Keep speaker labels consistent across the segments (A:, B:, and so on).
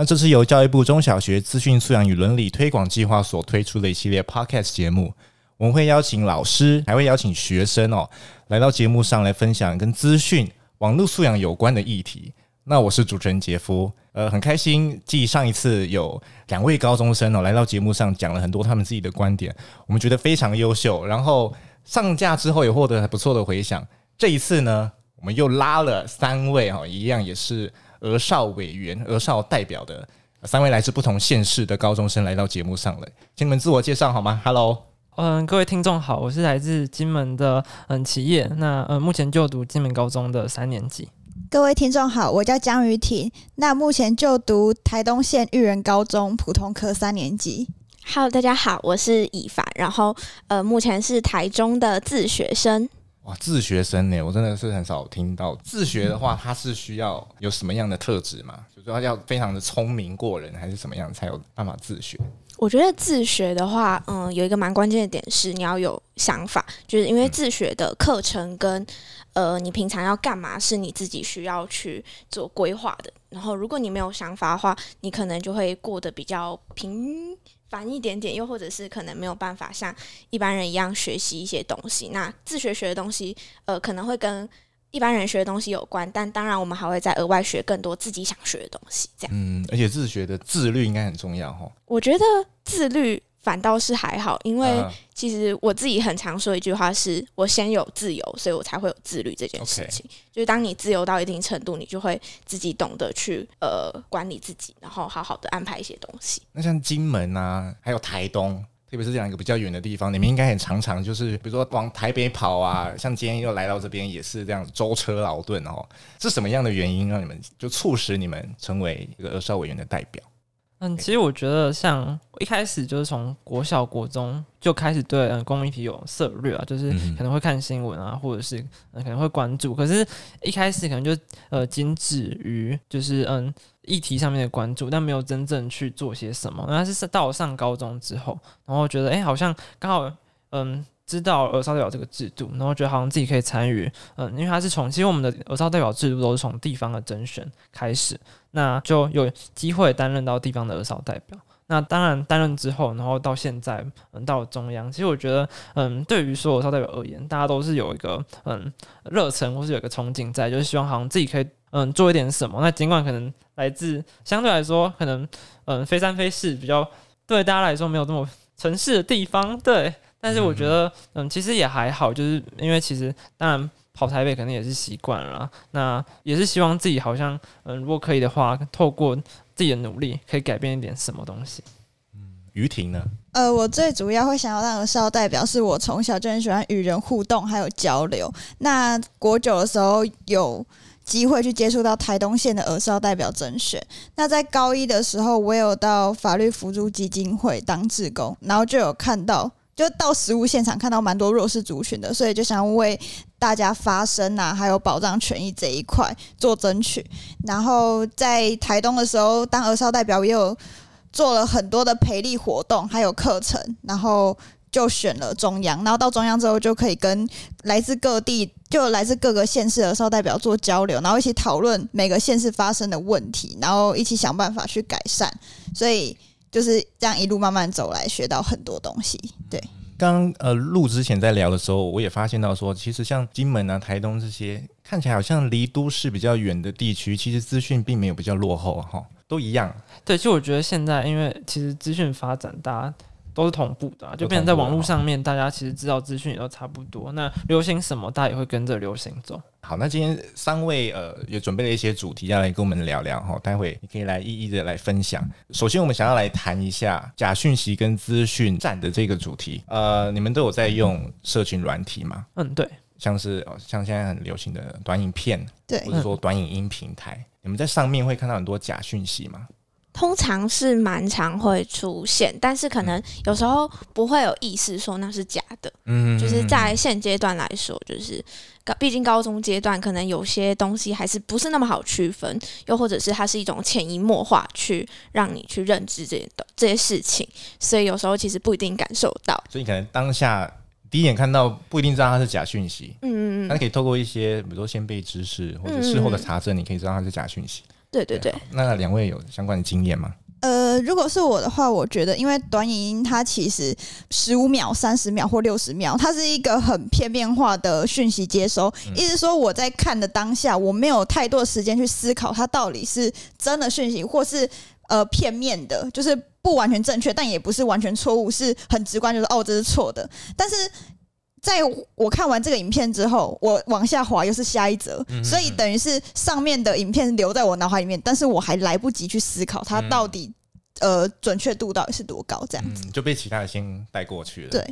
A: 那這是由教育部中小學資訊素養與倫理推廣計劃所推出的一系列 podcast 節目，我們會邀請老師，還會邀請學生哦，來到節目上來分享跟資訊網絡素養有關的議題。那我是主持人杰夫，呃，很開心，繼上一次有兩位高中生哦來到節目上講了很多他們自己的觀點，我們覺得非常優秀，然後上架之後也獲得很不錯的回響。這一次呢，我們又拉了三位哦，一樣也是。兒少委員、兒少代表的三位來自不同縣市的高中生來到節目上來，請你們自我介紹好嗎？哈嘍，嗯、呃，各位聽
B: 眾好，我是來自金門的嗯、呃、其曄，那呃，目前就讀金門高中的三年級。
C: 各位聽眾好，我叫江瑜庭，那目前就讀台東縣育仁高中普通科三年級。
D: 哈嘍，大家好，我是以帆，然後呃，目前是台中的自學生。
A: 哇，自學生哎，我真的是很少聽到。自學的話，它是需要有什麼樣的特質嗎？就是說要非常的聰明過人，還是什麼樣才有辦法自學？
D: 我覺得自學的話，嗯，有一個蠻關鍵的點是你要有想法，就是因為自學的課程跟、嗯、呃，你平常要幹嘛，是你自己需要去做規劃的。然後，如果你沒有想法的話，你可能就會過得比較平。煩一點點，又或者是可能沒有辦法像一般人一樣學習一些東西。那自學學的東西，呃，可能會跟一般人學的東西有關，但當然我們還會再額外學更多自己想學的東西。這樣，
A: 嗯，對而且自學的自律應該很重要哦。
D: 我覺得自律。反倒是還好，因為其實我自己很常說一句話是，是我先有自由，所以我才會有自律這件事情。Okay. 就是當你自由到一定程度，你就會自己懂得去呃管理自己，然後好好的安排一
A: 些東西。那像金門啊，還有台東，特別是這樣一個比較遠的地方，你們應該很常常就是，比如說往台北跑啊，嗯、像今天又來到這邊，也是這樣舟車勞頓哦。是什麼樣的原因讓你們就促使你們成為一個兒少委員的代表？
B: 嗯，其實我覺得像一開始就是從國小、國中就開始對嗯公民體有涉獵啊，就是可能會看新聞啊，或者是、嗯、可能會關注，可是一開始可能就呃僅止於就是嗯議題上面的關注，但沒有真正去做些什麼。那是到上高中之後，然後覺得哎、欸，好像剛好嗯。知道兒少代表這個制度，然後覺得好像自己可以參與，嗯，因為它是從，其實我們的兒少代表制度都是從地方的甄選開始，那就有機會擔任到地方的兒少代表。那當然擔任之後，然後到現在，嗯，到了中央，其實我覺得，嗯，對於說兒少代表而言，大家都是有一個嗯熱忱，或是有一個憧憬在，就是希望好像自己可以嗯做一點什麼。那儘管可能來自相對來說可能嗯非三非四比較對大家來說沒有那麼城市的地方，對。但是我覺得，嗯，哼嗯，其實也還好，就是因為其實當然跑台北可能也是習慣了，那也是希望自己好像，嗯，如果可以的話，透過自己的努力，可以改變一點什麼東西。嗯，瑜
A: 庭呢？
C: 呃，我最主要會想要當兒少代表，是我從小就很喜歡與人互動還有交流。那國九的時候有機會去接觸到台東縣的兒少代表甄選。那在高一的時候，我有到法律扶助基金會當志工，然後就有看到。就到食物現場看到蠻多弱勢族群的，所以就想為大家發聲啊，還有保障權益這一塊做爭取。然後在台東的時候，當兒少代表也有做了很多的培力活動，還有課程。然後就選了中央，然後到中央之後就可以跟來自各地，就來自各個縣市的兒少代表做交流，然後一起討論每個縣市發生的問題，然後一起想辦法去改善。所以就是這樣一路慢慢走來，學到很多東西。對。
A: 剛呃錄之前在聊的時候，我也發現到說，其實像金門啊、台東這些，看起來好像離都市比較遠的地區，其實資訊並沒有比較落後哈，
B: 都一樣。對，其實我覺得現在，因為其實資訊發展大，大家。都是同步的，啊，就變成在網絡上面，大家其實知道資訊也都差不多。哦，那流行什麼，大家也會跟着流行走。
A: 好，那今天三位呃也準備了一些主題要來跟我們聊聊哈，哦，待會你可以來一一的來分享。首先，我們想要來談一下假訊息跟資訊戰的這個主題。呃，你們都有在用社群軟體嗎？嗯，對，像是，哦、像現在很流行的短影片，對，或者說短影音平台，嗯，你們在上面會看到很多假訊息嗎？
D: 通常是蠻常會出現，但是可能有時候不會有意識說那是假的。嗯，
A: 就是在
D: 現階段來說，嗯、就是高，嗯、畢竟高中階段可能有些東西還是不是那麼好區分，又或者是它是一種潛移默化去讓你去認知這些這些事情，所以有時候其實不一定感受到。
A: 所以你可能當下第一眼看到不一定知道它是假訊息。嗯嗯嗯，那可以透過一些，比如說先備知識或者事後的查證，你可以知道它是假訊息。嗯嗯對對對，對，那兩位有相關的經驗嗎？那那
C: 嗎、呃，如果是我的話，我覺得因為短影音它其實十五秒、三十秒或六十秒，它是一個很片面化的訊息接收，意思說我在看的當下，我沒有太多時間去思考它到底是真的訊息，或是呃片面的，就是不完全正確，但也不是完全錯誤，是很直觀，就是哦，這是錯的，但是。在我看完這個影片之後，我往下滑又是下一則，嗯哼，所以等於是上面的影片留在我腦海裡面，但是我還來不及去思考它到底、嗯、呃準確度到底是多高，這樣子、
A: 嗯、就被其他的先帶過去了。對。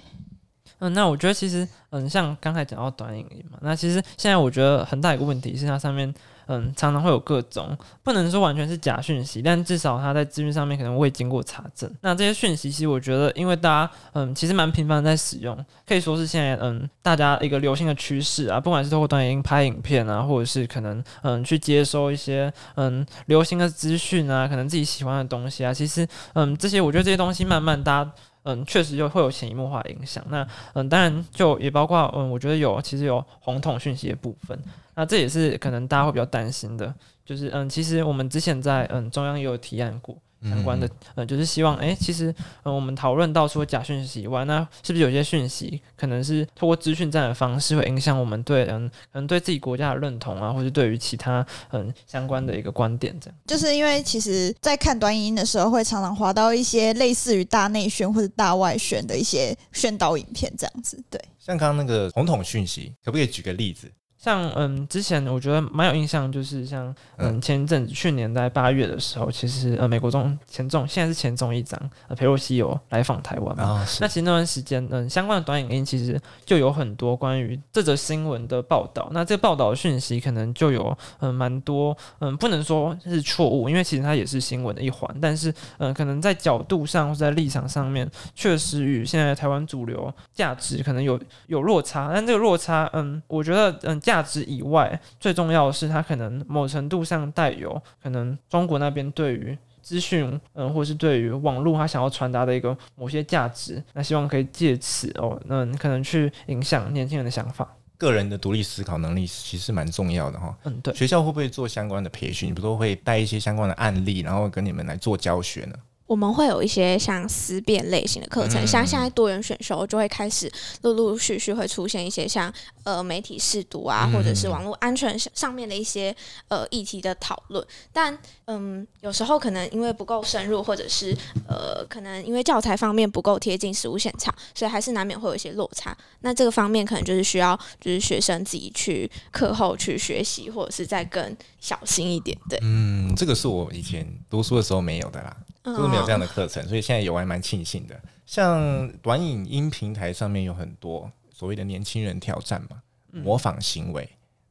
B: 嗯，那我覺得其實，嗯，像剛才講到短影音嘛，那其實現在我覺得很大一個問題，是它上面，嗯，常常會有各種不能說完全是假訊息，但至少它在資訊上面可能未經過查證。那這些訊息，其實我覺得，因為大家，嗯，其實蠻頻繁在使用，可以說是現在，嗯，大家一個流行的趨勢啊，不管是通過短影音拍影片啊，或者是可能，嗯，去接收一些，嗯，流行的資訊啊，可能自己喜歡的東西啊，其實，嗯，這些我覺得這些東西慢慢大家。嗯，確實就會有潛移默化影響。那嗯，當然就也包括嗯，我覺得有其實有紅統訊息的部分。那這也是可能大家會比較擔心的，就是嗯，其實我們之前在嗯中央也有提案過。相關的，嗯、呃，就是希望，誒、欸，其實，嗯、呃，我們討論到說假訊息以外，那是不是有些訊息可能是透過資訊戰的方式，會影響我們對，嗯、呃，可能對自己國家的認同啊，或者對於其他，嗯、呃，相關的一個觀點，這樣。
C: 就是因為其實在看短影音的時候，會常常滑到一些類似於大內宣或者大外宣的一些宣導影片，這樣子，
A: 對。像剛剛那個紅統訊息，可不可以舉個例子？像嗯，之前我覺得蠻有印
B: 象，就是像嗯，前陣子去年在八月的時候，其實呃、嗯，美國眾、前眾、現在是前眾議長呃，裴洛西有來訪台灣嘛。哦、那其實那段時間，嗯，相關的短影音其實就有很多關於這則新聞的報道。那這個報道的訊息可能就有嗯蠻多嗯，不能說是錯誤，因為其實它也是新聞的一環。但是嗯，可能在角度上或是在立場上面，確實與現在台灣主流價值可能有有落差。但這個落差嗯，我覺得嗯價。價值以外，最重要的是，它可能某程度上帶有可能中國那邊對於資訊，嗯，或是對於網絡，他想要傳達的一個某些價值，那希望可以借此哦，那你可能去影響年輕人的想法。
A: 個人的獨立思考能力其實蠻重要的哈。哦、嗯，對。學校會不會做相關的培訓？你不都會帶一些相關的案例，然後跟你們來做教學呢？
D: 我們會有一些像思辨類型的課程，像現在多元選修就會開始陸陸續續會出現一些像呃媒體識讀啊，或者是網絡安全上面的一些呃議題的討論。但嗯，有時候可能因為不夠深入，或者是呃可能因為教材方面不夠貼近實務現場，所以還是難免會有一些落差。那這個方面可能就是需要就是學生自己去課後去學習，或者是在跟。小心一點，
A: 對，嗯，這個是我以前讀書的時候沒有的啦，就是、哦、沒有這樣的課程，所以現在有還蠻慶幸的。像短影音平台上面有很多所謂的年輕人挑戰嘛，嗯、模仿行為，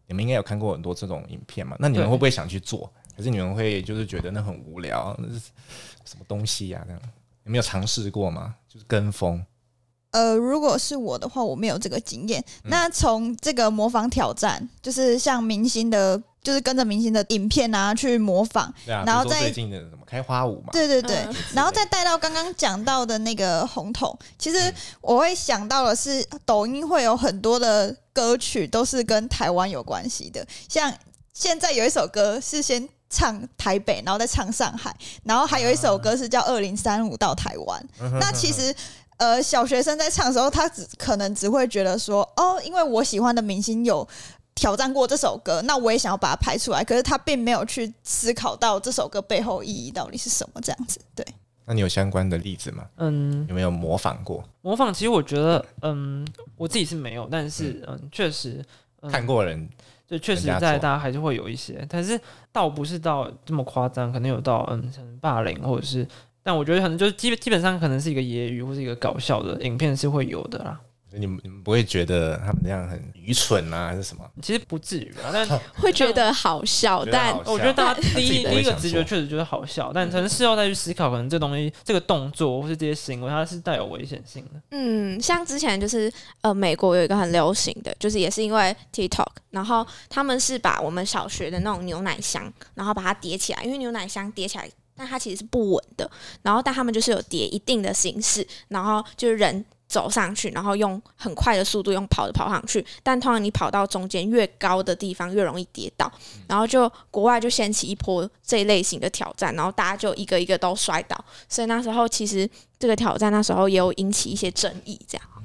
A: 你們應該有看過很多這種影片嘛？那你們會不會想去做？可對是你們會就是覺得那很無聊，什麼東西呀、啊？這樣有沒有嘗試過嗎？就是跟風？
C: 呃，如果是我的話，我沒有這個經驗。那從這個模仿挑戰，嗯、就是像明星的。就是跟着明星的影片啊，去模仿，啊、然後再最近
A: 的什麼開花舞嘛，對對對，嗯、
C: 然後再帶到剛剛講到的那個紅統。其實我會想到的是，抖音會有很多的歌曲都是跟台灣有關係的，像現在有一首歌是先唱台北，然後再唱上海，然後還有一首歌是叫《二零三五到台灣》啊。那其實呃，小學生在唱的時候，他只可能只會覺得說哦，因為我喜歡的明星有。挑戰過這首歌，那我也想要把它拍出來。可是他並沒有去思考到這首歌背後意義到底是什麼，這樣子。對，
A: 那你有相關的例子嗎？嗯，有沒有模仿過？
B: 模仿，其實我覺得，嗯，我自己是沒有，但是，嗯，確實、嗯、看過人，就確實，在大家還是會有一些，但是倒不是到這麼誇張，可能有到嗯，像霸凌或者是，但我覺得可能就是基本基本上可能是一個揶揄或是一個搞笑的影片是會有的啦。
A: 你們你們不會覺得他們這樣很愚蠢啊，還是什麼？
B: 其實不
D: 至於啊，但會覺得好
B: 笑。 但我覺得大家第一第一個直覺確實覺得好笑，但可能事後再去思考，可能這東西這個動作或是這些行為，它是帶有危險性的。嗯，
D: 像之前就是呃，美國有一個很流行的就是也是因為 TikTok，然後他們是把我們小學的那種牛奶箱，然後把它疊起來，因為牛奶箱疊起來，但它其實是不穩的。然後但他們就是有疊一定的形式，然後就是人走上去，然後用很快的速度用跑的跑上去，但通常你跑到中間越高的地方越容易跌倒，嗯、然後就國外就掀起一波這一類型的挑戰，然後大家就一個一個都摔倒，所以那時候其實這個挑戰那時候也有引起一些爭議，這樣、嗯。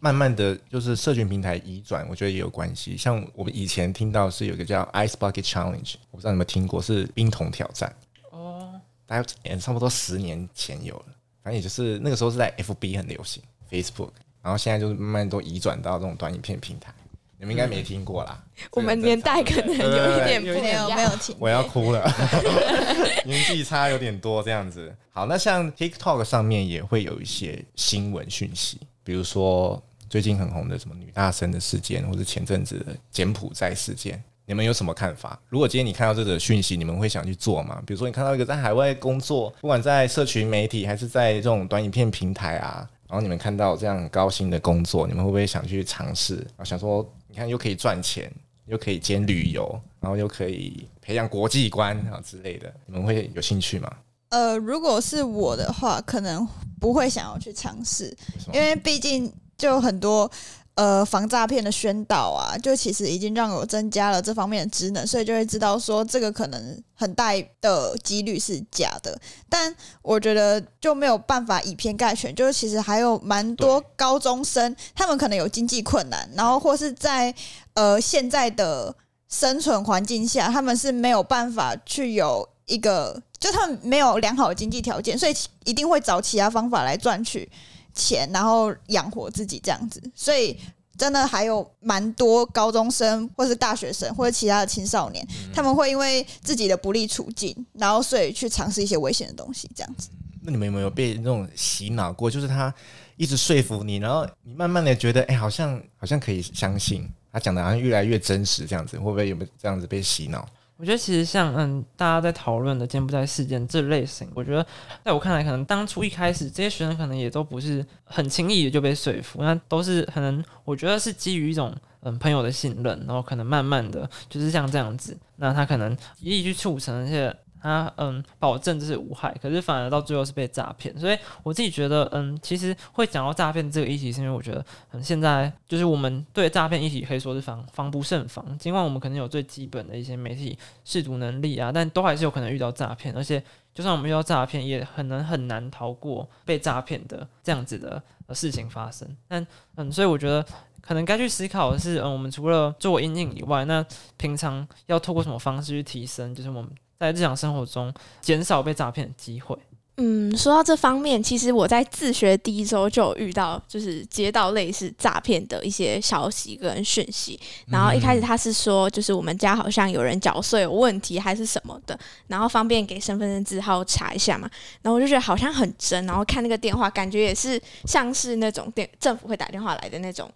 A: 慢慢的就是社群平台移轉，我覺得也有關係。像我們以前聽到是有個叫 Ice Bucket Challenge，我不知道你們聽過，是冰桶挑戰哦，大概、欸、差不多十年前有了，反正也就是那個時候是在 FB 很流行。Facebook，然後現在就是慢慢都移轉到這種短影片平台，你們應該沒聽過啦。嗯、
D: 我們年代可能有一點不一樣，對對對，有
B: 一
A: 點，沒有，沒有，我要哭了， 年紀差有點多這樣子。好，那像 TikTok 上面也會有一些新聞訊息，比如說最近很紅的什麼女大生的事件，或者前陣子的柬埔寨事件，你們有什麼看法？如果今天你看到這個訊息，你們會想去做嗎？比如說你看到一個在海外工作，不管在社群媒體，還是在這種短影片平台啊。然後你們看到這樣高薪的工作，你們會不會想去嘗試？啊，想說你看又可以賺錢，又可以兼旅遊，然後又可以培養國際觀啊之類的，你們會有興趣嗎？
C: 呃，如果是我的話，可能不會想要去嘗試，為什麼？因為畢竟就很多。呃，防詐騙的宣導啊，就其實已經讓我增加了這方面的智能，所以就會知道說這個可能很大的幾率是假的。但我覺得就沒有辦法以偏概全，就是其實還有蠻多高中生，對他們可能有經濟困難，然後或是在呃現在的生存環境下，他們是沒有辦法去有一個，就他們沒有良好的經濟條件，所以一定會找其他方法來賺取。錢，然後養活自己這樣子，所以真的還有蠻多高中生或是大學生，或者其他的青少年，嗯、他們會因為自己的不利處境，然後所以去嘗試一些危險的東西這樣子。
A: 那你們有沒有被那種洗腦過？就是他一直說服你，然後你慢慢的覺得，哎、欸，好像好像可以相信他講的，好像越來越真實這樣子，會不會有沒有這樣子被洗腦？
B: 我覺得其實像嗯，大家在討論的“柬不在事件”這類型，我覺得在我看來，可能當初一開始這些學生可能也都不是很輕易的就被說服，那都是可能我覺得是基於一種嗯朋友的信任，然後可能慢慢的就是像這樣子，那他可能一一去促成一些。他、啊、嗯，保證這是無害，可是反而到最後是被詐騙。所以我自己覺得，嗯，其實會講到詐騙這個議題，是因為我覺得、嗯、現在就是我們對詐騙議題可以說是防防不勝防。儘管我們可能有最基本的一些媒體識讀能力啊，但都還是有可能遇到詐騙。而且就算我們遇到詐騙，也很難很難逃過被詐騙的這樣子的、呃、事情發生。但嗯，所以我覺得可能該去思考的是，嗯，我們除了做因應以外，那平常要透過什麼方式去提升？就是我們。在日常生活中減少被詐騙的機會。
D: 嗯，說到這方面，其實我在自學第一周就遇到，就是接到類似詐騙的一些消息跟訊息。然後一開始他是說，就是我們家好像有人繳稅有問題，還是什麼的。然後方便給身份證字號查一下嘛。然後我就覺得好像很真，然後看那個電話，感覺也是像是那種電政府會打電話來的那種。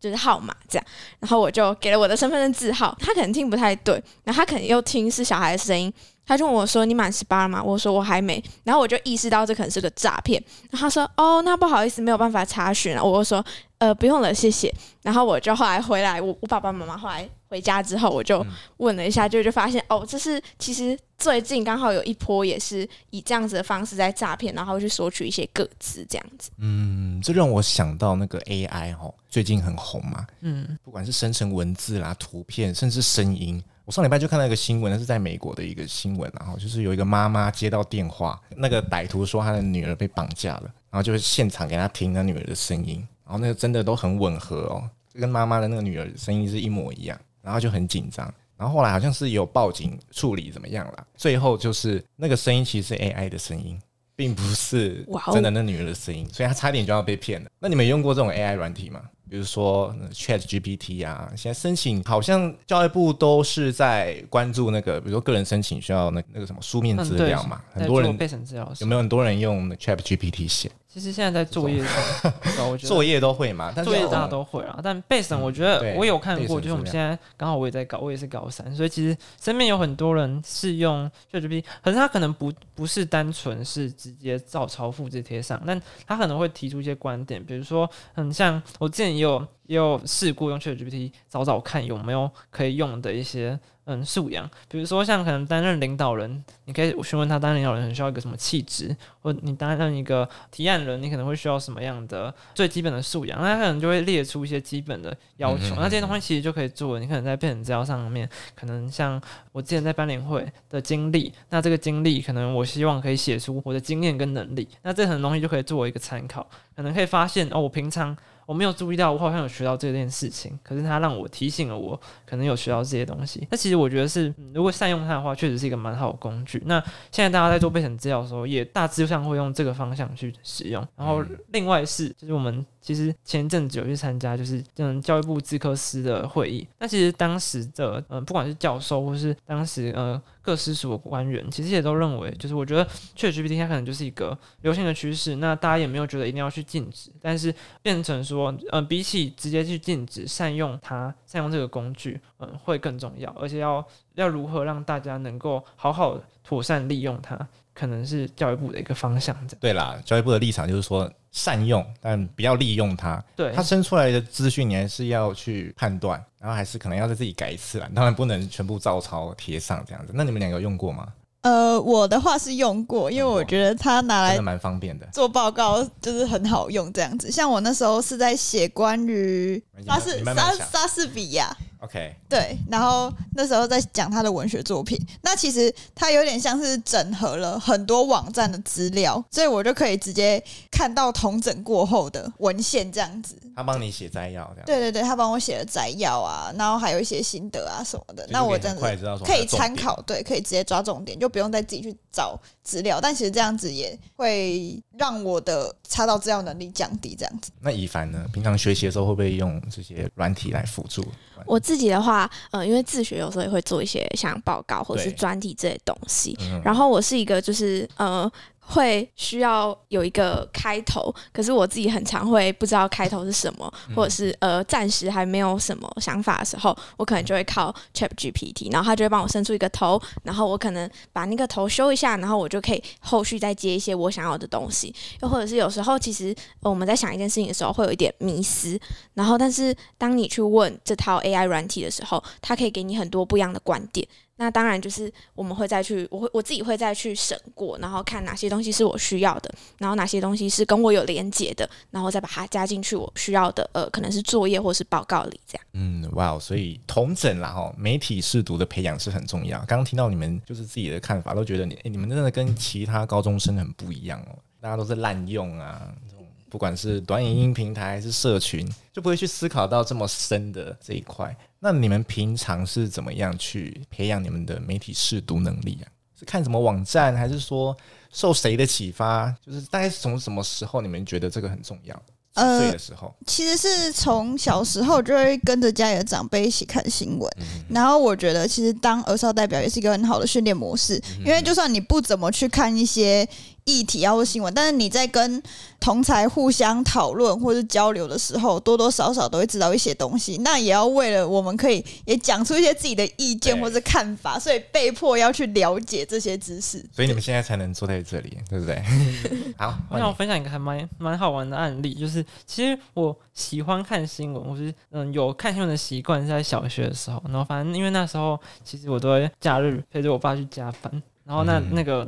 D: 就是號碼這樣，然後我就給了我的身份證字號，他可能聽不太對，然後他可能又聽是小孩的聲音，他就問我說：“你滿十八了嗎？”我說：“我還沒。”然後我就意識到這可能是個詐騙。然後他說：“哦，那不好意思，沒有辦法查詢。”我說。呃，不用了，謝謝。然後我就後來回來，我我爸爸媽媽後來回家之後，我就問了一下，嗯，就就發現哦，這是其實最近剛好有一波也是以這樣子的方式在詐騙，然後去索取一些個資這樣子。嗯，
A: 這讓我想到那個 AI 哦，最近很紅嘛。嗯，不管是生成文字啦、圖片，甚至聲音。我上禮拜就看到一個新聞，那是在美國的一個新聞啊，然後就是有一個媽媽接到電話，那個歹徒說他的女兒被綁架了，然後就是現場給他聽他女兒的聲音。然後那個真的都很吻合哦，跟媽媽的那個女兒聲音是一模一樣，然後就很緊張。然後後來好像是有報警處理怎麼樣了？最後就是那個聲音其實是 AI 的聲音，並不是真的那女兒的聲音，所以她差點就要被騙了。那你們有用過這種 AI 軟體嗎？比如說 ChatGPT 啊，現在申請好像教育部都是在關注那個，比如說個人申請需要那那個什麼書面資料嘛，很多人有沒有很多人用 ChatGPT 寫？其實現在在作業上，作業都會嘛，但作業大家都會啊。
B: 但背誦，我覺得我有看過，就是我們現在剛好我也在搞，我也是高三，所以其實身邊有很多人是用 ChatGPT，可是他可能不不是單純是直接照抄、複製、貼上，但他可能會提出一些觀點，比如說，很像我之前也有也有試過用 ChatGPT 找找看有沒有可以用的一些。嗯，素養，比如說像可能擔任領導人，你可以詢問他擔任領導人很需要一個什麼氣質，或你擔任一個提案人，你可能會需要什麼樣的最基本的素養，那他可能就會列出一些基本的要求。嗯嗯嗯。那這些東西其實就可以做，你可能在備審資料上面，可能像我之前在班聯會的經歷，那這個經歷可能我希望可以寫出我的經驗跟能力，那這層東西就可以作為一個參考，可能可以發現哦，我平常。我沒有注意到，我好像有學到這件事情，可是他讓我提醒了我，可能有學到這些東西。那其實我覺得是、嗯，如果善用它的話，確實是一個蠻好的工具。那現在大家在做備審資料的時候，也大致上會用這個方向去使用。然後另外是，嗯、就是我們。其實前一陣子有去參加，就是嗯教育部資科司的會議。那其實當時的嗯、呃、不管是教授或是當時嗯、呃，各司所官員，其實也都認為，就是我覺得確實 GPT 它可能就是一個流行的趨勢。那大家也沒有覺得一定要去禁止，但是變成說，嗯、呃、比起直接去禁止，善用它，善用這個工具，嗯、呃、會更重要。而且要要如何讓大家能夠好好妥善利用它，可能是教育部的一個方向。
A: 對啦，教育部的立場就是說。善用，但不要利用它。對，它生出來的資訊你還是要去判斷，然後還是可能要再自己改一次啊。當然不能全部照抄貼上這樣子。那你們兩個有用過嗎？
C: 呃，我的話是用過，用過，因為我覺得它拿來
A: 蠻方便的，
C: 做報告就是很好用。這樣子，像我那時候是在寫關於莎士莎莎士比亞。OK，對，然後那時候在講他的文學作品，那其實他有點像是整合了很多網站的資料，所以我就可以直接看到統整過後的文獻這樣子。
A: 他幫你寫摘要，這樣？
C: 對對對，他幫我寫了摘要啊，然後還有一些心得啊什麼的。那我真的可以參考，可以參考，對，可以直接抓重點，就不用再自己去找資料。但其實這樣子也會讓我的查到資料能力降低，這樣子。
A: 那以帆呢，平常學習的時候會不會用這些軟體來輔助？
D: 我自自己的話，嗯、呃，因為自學有時候也會做一些像報告或者是專題這些東西。嗯、然後我是一個，就是呃。會需要有一個開頭，可是我自己很常會不知道開頭是什麼，嗯、或者是呃暫時還沒有什麼想法的時候，我可能就會靠 ChatGPT，然後它就會幫我伸出一個頭，然後我可能把那個頭修一下，然後我就可以後續再接一些我想要的東西。又或者是有時候，其實我們在想一件事情的時候會有一點迷失，然後但是當你去問這套 AI 軟體的時候，它可以給你很多不一樣的觀點。那當然就是我們會再去，我會我自己會再去審過，然後看哪些東西是我需要的，然後哪些東西是跟我有連結的，然後再把它加進去我需要的呃，可能是作業或是
A: 報告裡這樣。嗯，哇哦，所以統整了哈，媒體識讀的培養是很重要。剛剛聽到你們就是自己的看法，都覺得你、欸、你們真的跟其他高中生很不一樣哦，大家都是濫用啊，這種不管是短影音平台還是社群，就不會去思考到這麼深的這一塊。那你們平常是怎麼樣去培養你們的媒體識讀能力啊？是看什麼網站，還是說受誰的啟發？就是大概是從什麼時候你們覺得這個很重要？十歲、呃、的時候？
C: 其實是從小時候就會跟着家裡的長輩一起看新聞，嗯、哼然後我覺得其實當兒少代表也是一個很好的訓練模式，嗯、哼因為就算你不怎麼去看一些。議題，或是新聞，但是你在跟同儕互相討論或者交流的時候，多多少少都會知道一些東西。那也要為了我們可以也講出一些自己的意見或是看法，對所以被迫要去了解這些知
A: 識。所以你們現在才能坐在這裡，對不對？對
B: 好，那我，我分享一個還蠻蠻好玩的案例，就是其實我喜歡看新聞，我是嗯有看新聞的習慣是，在小學的時候，然後反正因為那時候其實我都會假日陪着我爸去加班，然後那、嗯、那個。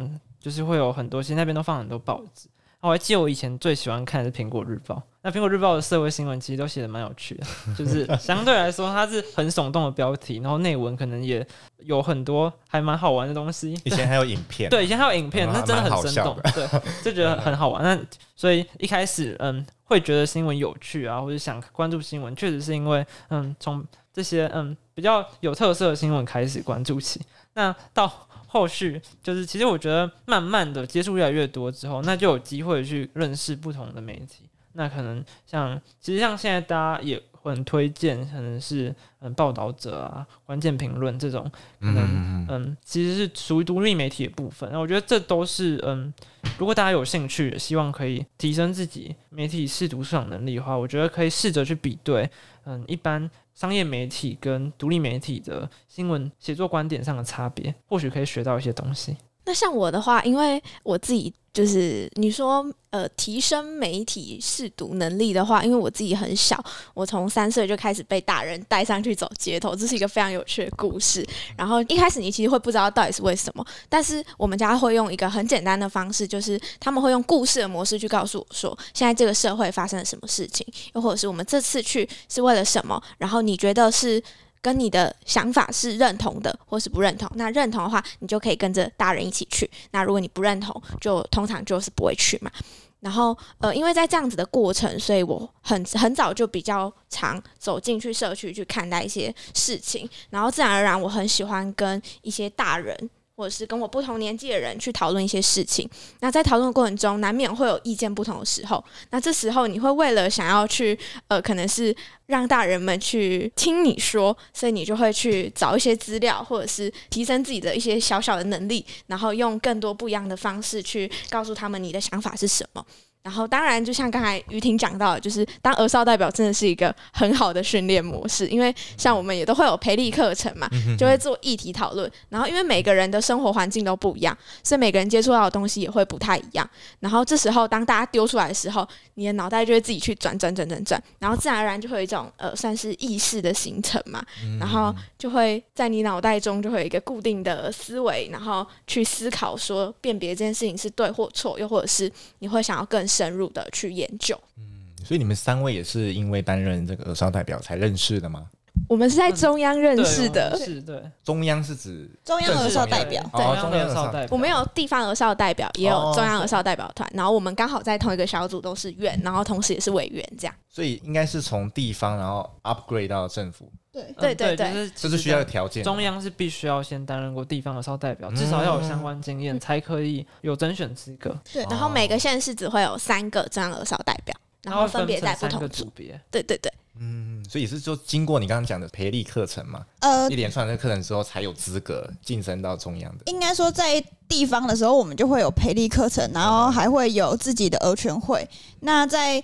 B: 就是會有很多，其實那邊都放很多報紙、啊。我還記得我以前最喜歡看的是《蘋果日報》，那《蘋果日報》的社會新聞其實都寫得蠻有趣的，就是相對來說它是很聳動的標題，然後內文可能也有很多還蠻好玩的東西。以前還有影片，對，以前還有影片，啊、那真的很生動，對，就覺得很好玩。那所以一開始，嗯，會覺得新聞有趣啊，或者想關注新聞，確實是因為，嗯，從。這些嗯比較有特色的新聞開始關注起，那到後續就是其實我覺得慢慢的接觸越來越多之後，那就有機會去認識不同的媒體。那可能像其實像現在大家也很推薦，可能是嗯報導者啊、關鍵評論這種，嗯嗯嗯，其實是屬於獨立媒體的部分。那我覺得這都是嗯，如果大家有興趣，希望可以提升自己媒體識讀素養能力的話，我覺得可以試着去比對，嗯，一般。商業媒體跟獨立媒體的新聞寫作觀點上的差別，或許可以學到一些東西。
D: 那像我的話，因為我自己就是你說呃，提升媒體識讀能力的話，因為我自己很小，我從三歲就開始被大人帶上去走街頭，這是一個非常有趣的故事。然後一開始你其實會不知道到底是為什麼，但是我們家會用一個很簡單的方式，就是他們會用故事的模式去告訴我說，現在這個社會發生了什麼事情，又或者是我們這次去是為了什麼。然後你覺得是？跟你的想法是認同的，或是不認同？那認同的話，你就可以跟着大人一起去；那如果你不認同，就通常就是不會去嘛。然後，呃，因為在這樣子的過程，所以我很很早就比較常走進去社區去看待一些事情，然後自然而然我很喜歡跟一些大人。或者是跟我不同年紀的人去討論一些事情，那在討論的過程中，難免會有意見不同的時候。那這時候，你會為了想要去呃，可能是讓大人們去聽你說，所以你就會去找一些資料，或者是提升自己的一些小小的能力，然後用更多不一樣的方式去告訴他們你的想法是什麼。然後，當然，就像剛才瑜庭講到的，就是當兒少代表真的是一個很好的訓練模式，因為像我們也都會有培力課程嘛，就會做議題討論。然後，因為每個人的生活環境都不一樣，所以每個人接觸到的東西也會不太一樣。然後這時候，當大家丟出來的時候，你的腦袋就會自己去轉轉轉轉轉，然後自然而然就會有一種呃，算是意識的形成嘛。然後就會在你腦袋中就會有一個固定的思維，然後去思考說辨別這件事情是對或錯，又或者是你會想要更。深入的去研究，嗯，
A: 所以你們三位也是因為擔任這個兒少代表才認識的嗎？
D: 我們是在中央認識的，嗯、對，是
A: 對，中央是指中央兒少代表，對，對、哦，中央兒少代表，我
D: 們有地方兒少代表，也有中央兒少代表團，哦、然後我們剛好在同一個小組，都是院，然後同時也是委員，這樣，
A: 所以應該是從地方然後 upgrade 到政府。對對對，嗯、對對對，就是就是需要條件，中
B: 央是必須要先擔任過地方的少代表，嗯、至少要有相關經驗才可以有甄選資格。嗯、對，然後
D: 每個縣市只會有三個這樣的少代表，然後分別在不同組別。組對對對，
A: 嗯，所以是說經過你剛剛講的培力課程嘛，呃，一連串的課程之後才有資格晉升到中央的。
C: 應該說在地方的時候，我們就會有培力課程，然後還會有自己的兒權會。嗯、那在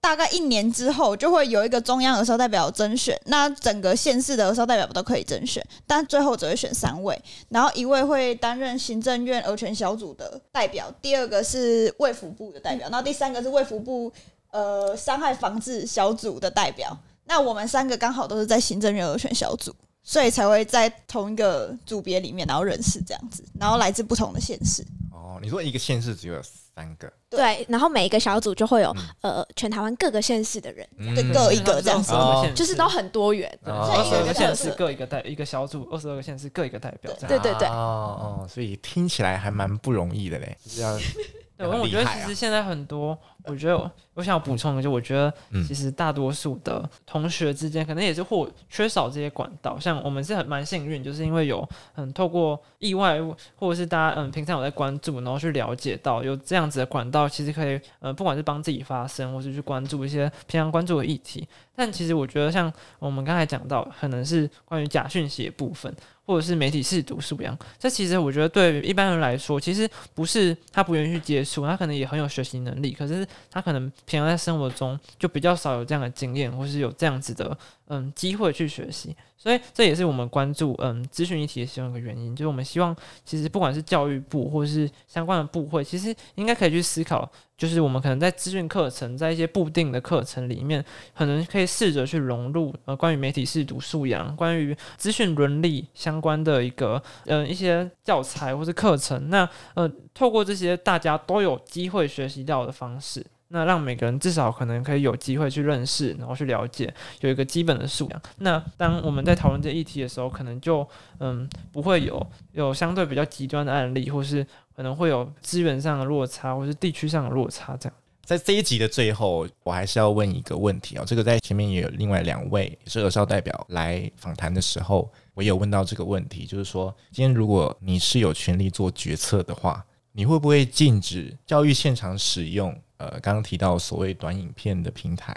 C: 大概一年之後就會有一個中央兒少代表甄選，那整個縣市的兒少代表不都可以甄選，但最後只會選三位，然後一位會擔任行政院兒權小組的代表，第二個是衛福部的代表，然後第三個是衛福部呃傷害防治小組的代表。那我們三個剛好都是在行政院兒權小組，所以才會在同一個組別裡面，然後認識這樣子，然後來自不同的縣市。
A: 哦，你說一個縣市只有四。三個
C: 對，然
D: 後每一個小組就會有呃，全台灣各個縣市的人，
A: 各一個這樣子，就是
B: 都很多元，所以一個縣市各一個代，一個小組二十二個縣市各一個代表，這樣對對對，哦哦，
A: 所以聽起來還蠻不容易的嘞，就是要對，我覺得其實
B: 現在很多。我覺得我想要補充的，就我覺得其實大多數的同學之間，可能也是或缺少這些管道。像我們是很蠻幸運，就是因為有嗯，透過意外或者是大家嗯平常有在關注，然後去了解到有這樣子的管道，其實可以嗯，不管是幫自己發聲，或是去關注一些平常關注的議題。但其實我覺得，像我們剛才講到，可能是關於假訊息的部分，或者是媒體識讀素養。這其實我覺得對一般人來說，其實不是他不願意去接觸，他可能也很有學習能力，可是。他可能平常在生活中就比較少有這樣的經驗，或是有這樣子的嗯機會去學習，所以這也是我們關注嗯資訊議題的其中一個原因，就是我們希望其實不管是教育部或是相關的部會，其實應該可以去思考。就是我們可能在資訊課程，在一些固定的課程裡面，可能可以試着去融入呃關於媒體識讀素養、關於資訊倫理相關的一個嗯、呃、一些教材或是課程。那呃透過這些大家都有機會學習到的方式，那讓每個人至少可能可以有機會去認識，然後去了解，有一個基本的素養。那當我們在討論這議題的時候，可能就嗯、呃、不會有有相對比較極端的案例，或是。可能會有資源上的落差，或是地區上的落差，這
A: 樣。在這一集的最後，我還是要問一個問題啊、哦。這個在前面也有另外兩位也是兒少代表來訪談的時候，我有問到這個問題，就是說，今天如果你是有權利做決策的話，你會不會禁止教育現場使用？呃，剛剛提到所謂短影片的平台。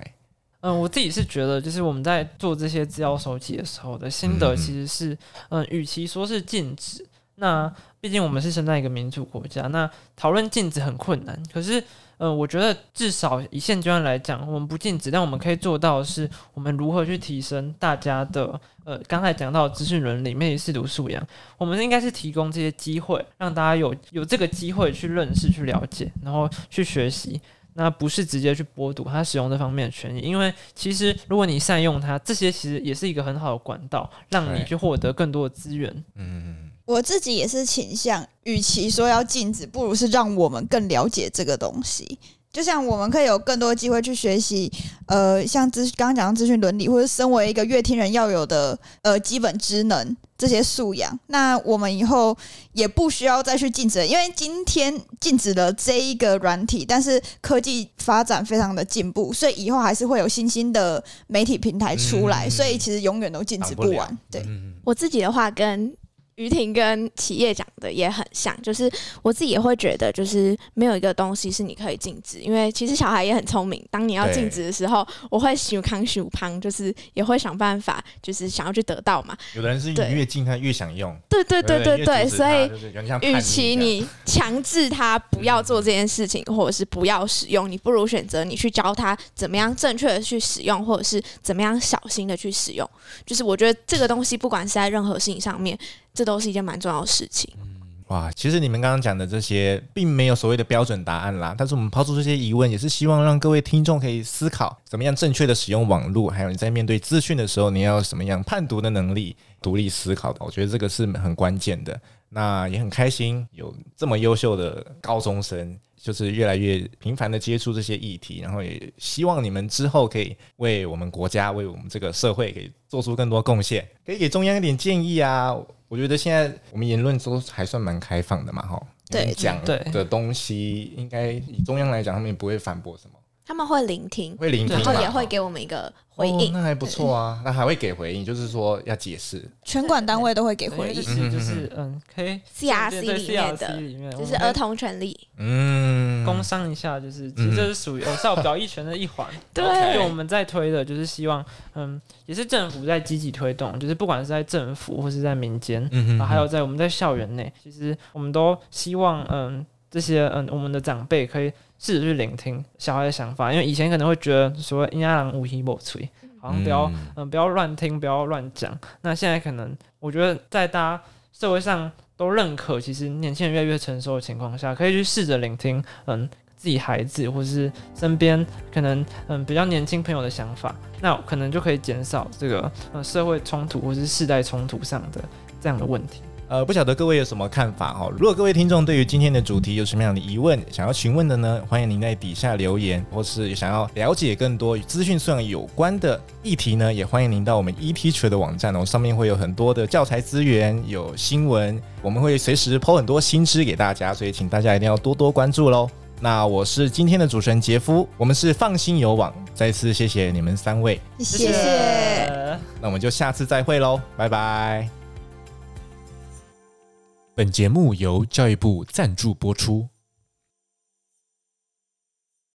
B: 嗯，我自己是覺得，就是我們在做這些資料收集的時候的心得，其實是，嗯，嗯，嗯，與其說是禁止。那畢竟我們是生在一個民主國家，那討論禁止很困難。可是，呃，我覺得至少以現階段來講，我們不禁止，但我們可以做到的，是我們如何去提升大家的，呃，剛才講到的資訊倫理裡面的識讀素養。我們應該是提供這些機會，讓大家有有這個機會去認識、去了解，然後去學習。那不是直接去剝奪他使用這方面的權益，因為其實如果你善用它，這些其實也是一個很好的管道，讓你去獲得更多的資源。嗯。嗯。
C: 我自己也是傾向，與其說要禁止，不如是讓我們更了解這個東西。就像我們可以有更多機會去學習，呃，像資訊剛剛講的資訊倫理，或者身為一個閱聽人要有的呃基本職能這些素養。那我們以後也不需要再去禁止了，因為今天禁止了這一個軟體，但是科技發展非常的進步，所以以後還是會有新興的媒體平台出來，嗯嗯、所以其實永遠都禁止不完。不對，我自己的話跟。瑜庭跟其曄
D: 講的也很像，就是我自己也會覺得，就是沒有一個東西是你可以禁止，因為其實小孩也很聰明。當你要禁止的時候，對我會許康許胖，就是也會想辦法，就是想要去得到嘛。
A: 有的人是越禁他越想用。對對，對對對對對，對對對所以與以其
D: 你強制他不要做這件事情，嗯、或者是不要使用，你不如選擇你去教他怎麼樣正確的去使用，或者是怎麼樣小心的去使用。就是我覺得這個東西，不管是在任何事情上面。這都是一件蠻重要的事情。
A: 嗯，哇，其實你們剛剛講的這些，並沒有所謂的標準答案啦。但是我們拋出這些疑問，也是希望讓各位聽眾可以思考，怎麼樣正確的使用網絡，還有你在面對資訊的時候，你要怎麼樣判讀的能力、獨立思考的。我覺得這個是很關鍵的。那也很開心，有這麼優秀的高中生，就是越來越頻繁的接觸這些議題，然後也希望你們之後可以為我們國家、為我們這個社會給做出更多貢獻，可以給中央一點建議啊！我覺得現在我們言論都還算蠻開放的嘛，哈對。對你講的東西，應該以中央來講，他們也不會反駁什麼。
D: 他們會聆聽，會聆聽，然後也會給我們一個
A: 回應。那還不錯啊，那還會給回應，就是說要解釋。
C: 全管單位都會
D: 給
A: 回應，就是
B: 嗯，可以 CRC 裡面的，就是兒童權利。
A: 嗯，工
B: 商一下，就是其實這是屬於，有效表意權的一環。對，所以我們在推的，就是希望，嗯，也是政府在積極推動，就是不管是在政府或是在民間，還有在我們在校園內，其實我們都希望，嗯，這些嗯，我們的長輩可以。試着去聆聽小孩的想法，因為以前可能會覺得所謂“囡仔人有耳無喙”，好像不要嗯，嗯不要亂聽，不要亂講。那現在可能我覺得在大家社會上都認可，其實年輕人越來越成熟的情況下，可以去試着聆聽嗯自己孩子或是身邊可能嗯比較年輕朋友的想法，那可能就可以減少這
A: 個、嗯、社會衝突或是世代衝突上的這樣的問題。呃，不曉得各位有什麼看法哈、哦？如果各位聽眾對於今天的主題有什麼樣的疑問，想要詢問的呢，歡迎您在底下留言，或是想要了解更多與資訊素養有關的議題呢，也歡迎您到我們 eTeacher 的網站哦，上面會有很多的教材資源，有新聞，我們會隨時拋很多新知給大家，所以請大家一定要多多關注嘍。那我是今天的主持人杰夫，我們是放心遊網，再次謝謝你們三位，
B: 謝謝。
A: 那我們就下次再會嘍，拜拜。本節目由教育部贊助播出。